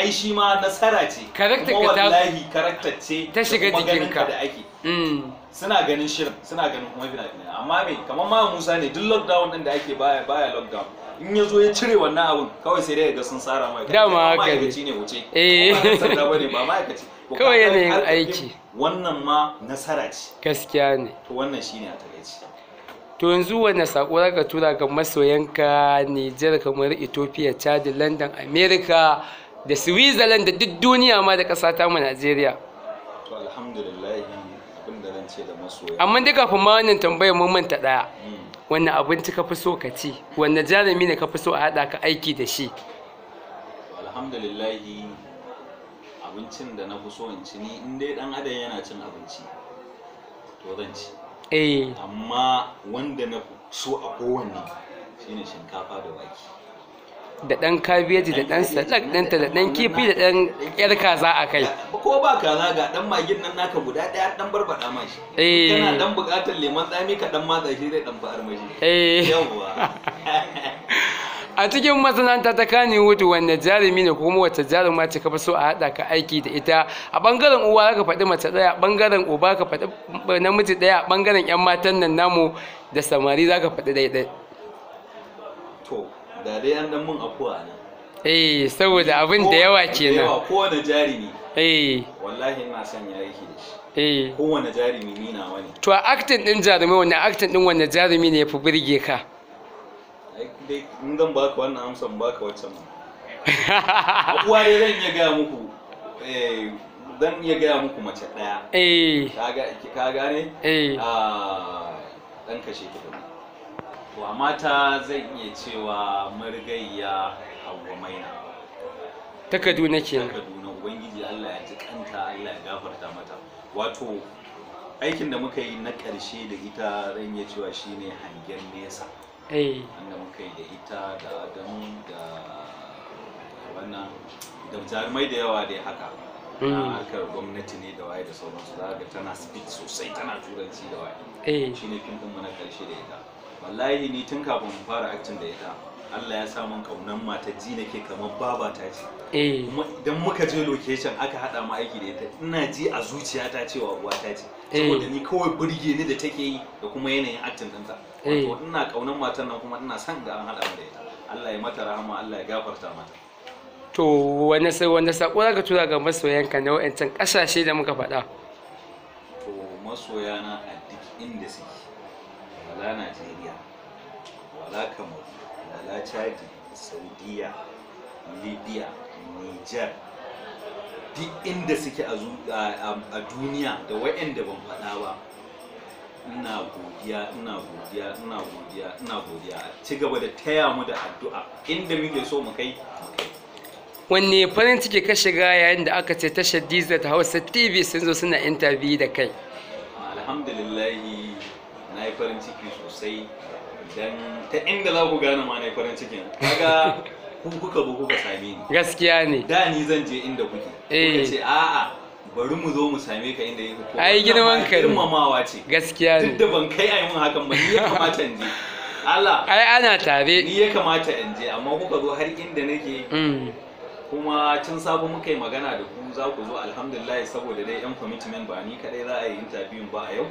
ai shi ma nasara ce karakta ka ta wallahi karakta ce ta shiga jikinka da ake mm. suna ganin shirin suna ganin kuma fina fina amma me kamar ma Musa ne duk lockdown din da ake baya baya lockdown in ya zo ya cire wannan abun kawai sai dai ga sun tsara mai ma haka ne wuce eh ba ne ba ma'aikaci kawai yanayin aiki wannan ma nasara ce gaskiya ne to wannan shine a takaici to yanzu wanne sako zaka tura ga masoyanka Nijar kamar Ethiopia Chad London America da switzerland da duk duniya ma da kasa ta mu nigeria amma dai kafin ma wannan tambayar mun manta ɗaya hmm. wannan abinci ka fi so ka ci wannan jarumi ne ka fi so a hada ka aiki da shi alhamdulillahi abincin da na fi so in ci ni in dai dan adam yana cin abinci to zan ci eh amma wanda na so a kowanne shine shinkafa da wake da ɗan kabeji da ɗan salak ɗinta da ɗan kifi da ɗan ƴar kaza a kai ko ba kaza ga ɗan magin nan naka guda ɗaya ɗan barbaɗa mashi. shi eh kana ɗan buƙatar lemon tsami ka ɗan matsa shi zai ɗan fa'ar mashi eh yawwa a cikin masana'anta ta kani hutu wanda jarumi ne kuma wacce jaruma ce kafa so a haɗa ka aiki da ita a ɓangaren uwa ka faɗi mace ɗaya a ɓangaren uba ka faɗi namiji ɗaya a ɓangaren 'yan matan nan namu da samari za ka faɗi ɗaya to da dai an dan mun afuwa ne eh saboda abin da yawa kenan yawa kowane jarumi eh wallahi ina son ya aiki da shi eh kowane jarumi ni nawa ne to acting din jarumi wannan acting din wani jarumi ne ya fi burge ka dai in zan baka wannan amsan baka waccan ma abuwa dai zan iya gaya muku eh, zan iya gaya muku mace daya eh ka gane eh ah dan kashe ki to mata zai iya cewa marigayya hawa maina ta kaduna ke ta na ubangiji allah ya ji kanta allah ya gafarta mata wato aikin da muka yi na ƙarshe da ita ran ya cewa shine hangen nesa eh. wanda muka yi da ita da adamu da wannan da jarumai da yawa da haka na hmm. harkar gwamnati ne da waye da sauransu za ga tana speed sosai tana turanci da waye eh. shine fim mu na ƙarshe da ita wallahi ni tun kafin mu fara acting da ita Allah ya sa mun kaunan mata ji nake kamar baba ta ce eh idan muka je location aka hada mu aiki da ita ina ji a zuciya ta cewa uwa ta ce eh. saboda ni kawai burge ni da take yi da kuma yanayin acting ɗinta eh. wato ina kaunan matan nan kuma ina son ga an hada mu da ita Allah ya mata rahama Allah ya gafarta mata to wani sai wani sako zaka tura ga masoyanka na wa'ancan kasashe da muka faɗa to masoyana a duk inda suke wala najeriya wala kamaru wala chadi saudiya libya niger duk inda suke a duniya da waɗanda ban faɗa ba ina godiya ina godiya ina godiya ina godiya ci gaba da taya mu da addu'a inda muke so mu kai wanne farin ciki ka shiga yayin da aka ce tashar dizla ta hausa tv sun zo suna interview da kai alhamdulillahi na yi farin ciki sosai dan ta inda za ku gane ma na yi farin cikin kaga ku kuka bu kuka same ni gaskiya ne da ni zan je inda kuke eh ce a'a bari mu zo mu same ka inda yake ko ai girman ka girmamawa ce gaskiya ne duk da ban kai ai mun hakan ba ni ya kamata in je Allah ai ana tare ni ya kamata in je amma kuka zo har inda nake hmm. kuma tun sabo muka yi magana da ku za ku zo alhamdulillah saboda dai yan commitment ba ni kadai za a yi interview ba a yau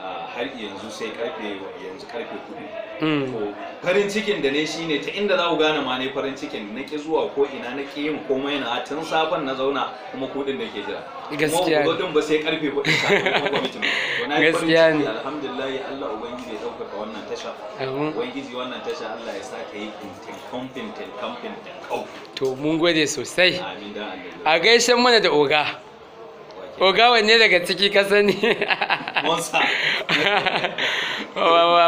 har yanzu sai karfe yanzu karfe kudu hmm. to farin cikin da ne shine ta inda za ku gane ma ne farin cikin na ki zuwa ko ina na ki yin komai na tun safan na zauna kuma kudin da ke jira gaskiya kuma kudin ba sai karfe kudu kafin gwamnatin gaskiya ne alhamdulillah Allah ubangiji ya dauka wannan tasha ubangiji wannan tasha Allah ya saka yi kamfin kamfin kamfin to mun gode sosai a gaishe mana da oga Oga wanne daga ciki ka sani? Musa.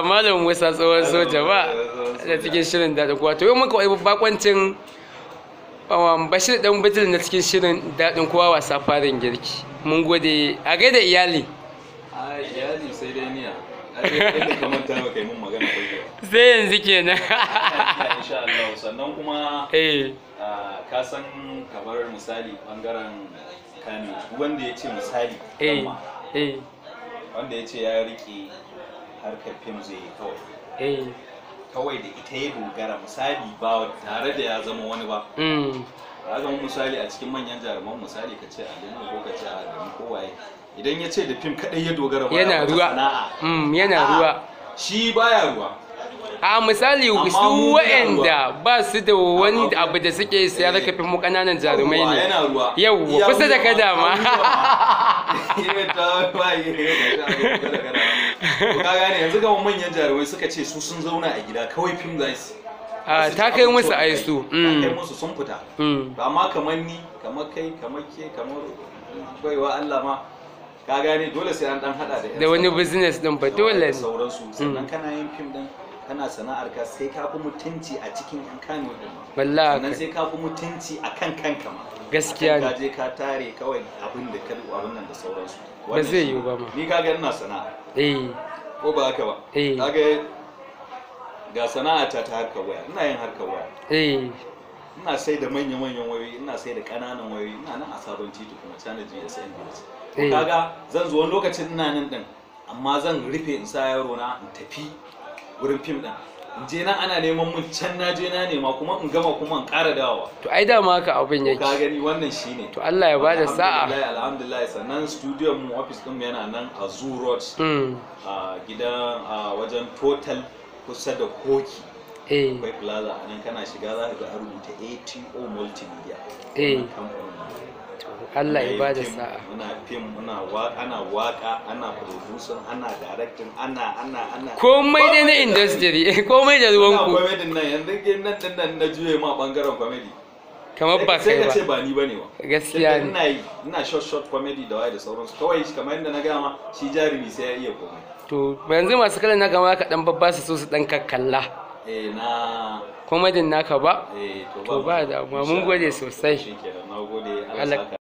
Malam Musa tsohon soja ba da cikin shirin daɗin kowa. To yau muka wai bakwancin um, Bashir ɗan Bitil na cikin shirin daɗin kowa wasa farin girki. Mun gode a da iyali. A iyali sai dai niya. Sai yanzu kenan. Insha Allah sannan kuma eh. ka san kabar misali bangaren kame wanda ya ce misali eh, eh. wanda ya ce ya rike harkar fim zai yi kawai eh. kawai da ita ya dogara misali ba tare da ya zama wani ba ba mm. zama misali a cikin manyan jaruman misali ka ce a alimu ko ka ce adamu ko waye idan ya ce da fim kadai ya dogara ba yana ruwa mm, yana ruwa shi baya ruwa a misali su wa'anda ba su da wani abu da suke siyar da kafin mu kananan jarumai ne yau kusa da kada ma ka dama? yanzu ga manyan jarumai suka ce su sun zauna a gida kawai fim za su ta kai musu a su ta kai mm. musu sun fita mm. ba ma kamar ni kamar kai kamar ke kamar baiwa Allah ma ka gane dole sai an dan hada da da wani business din ba dole sauransu sannan mm. kana yin fim din kana sana'ar ka sai ka fi mutunci a cikin yan kano wallahi sannan sai ka fi mutunci a kan kanka ma gaskiya ne ka je ka tare kawai abin da ka abin wannan da sauransu ba zai yi ba ma ni ga ina sana'a eh ko ba haka ba eh kaga ga sana'a ta ta harkar waya ina yin harkar waya eh ina sai da manya-manyan wayoyi ina sai da ƙananan wayoyi ina nan a sabon titi kuma channel gsm kaga zan zo wani lokacin ina nan din amma zan rufe in sa yaro na in tafi wurin fim ɗin je nan ana neman mun can na je na nema kuma in gama kuma in ƙara dawowa to ai da ma haka abin yake ka gani wannan shine to Allah ya bada sa'a alhamdulillah sannan studio mu office din mu yana nan a Zoo Road hmm. a gidan a wajen Total kusa da Koki eh. akwai plaza a kana shiga za ka ga rubuta ATO multimedia eh kamfanin to Allah ya bada sa'a muna film muna ana waka ana producer ana directing ana ana ana komai dai na industry eh, komai da ruwan ku komai din nan yanzu ke nan din nan na juye ma bangaren comedy kamar ba kai ba sai ba ni bane ba gaskiya ne ina yi ina short short comedy da wai da sauransu kawai kamar yadda na gaya ma shi jarumi sai ya iya komai to yanzu masu kallon na gama ka dan babba su so su dan kakkalla eh na komedin naka ba eh, to ba da mun gode sosai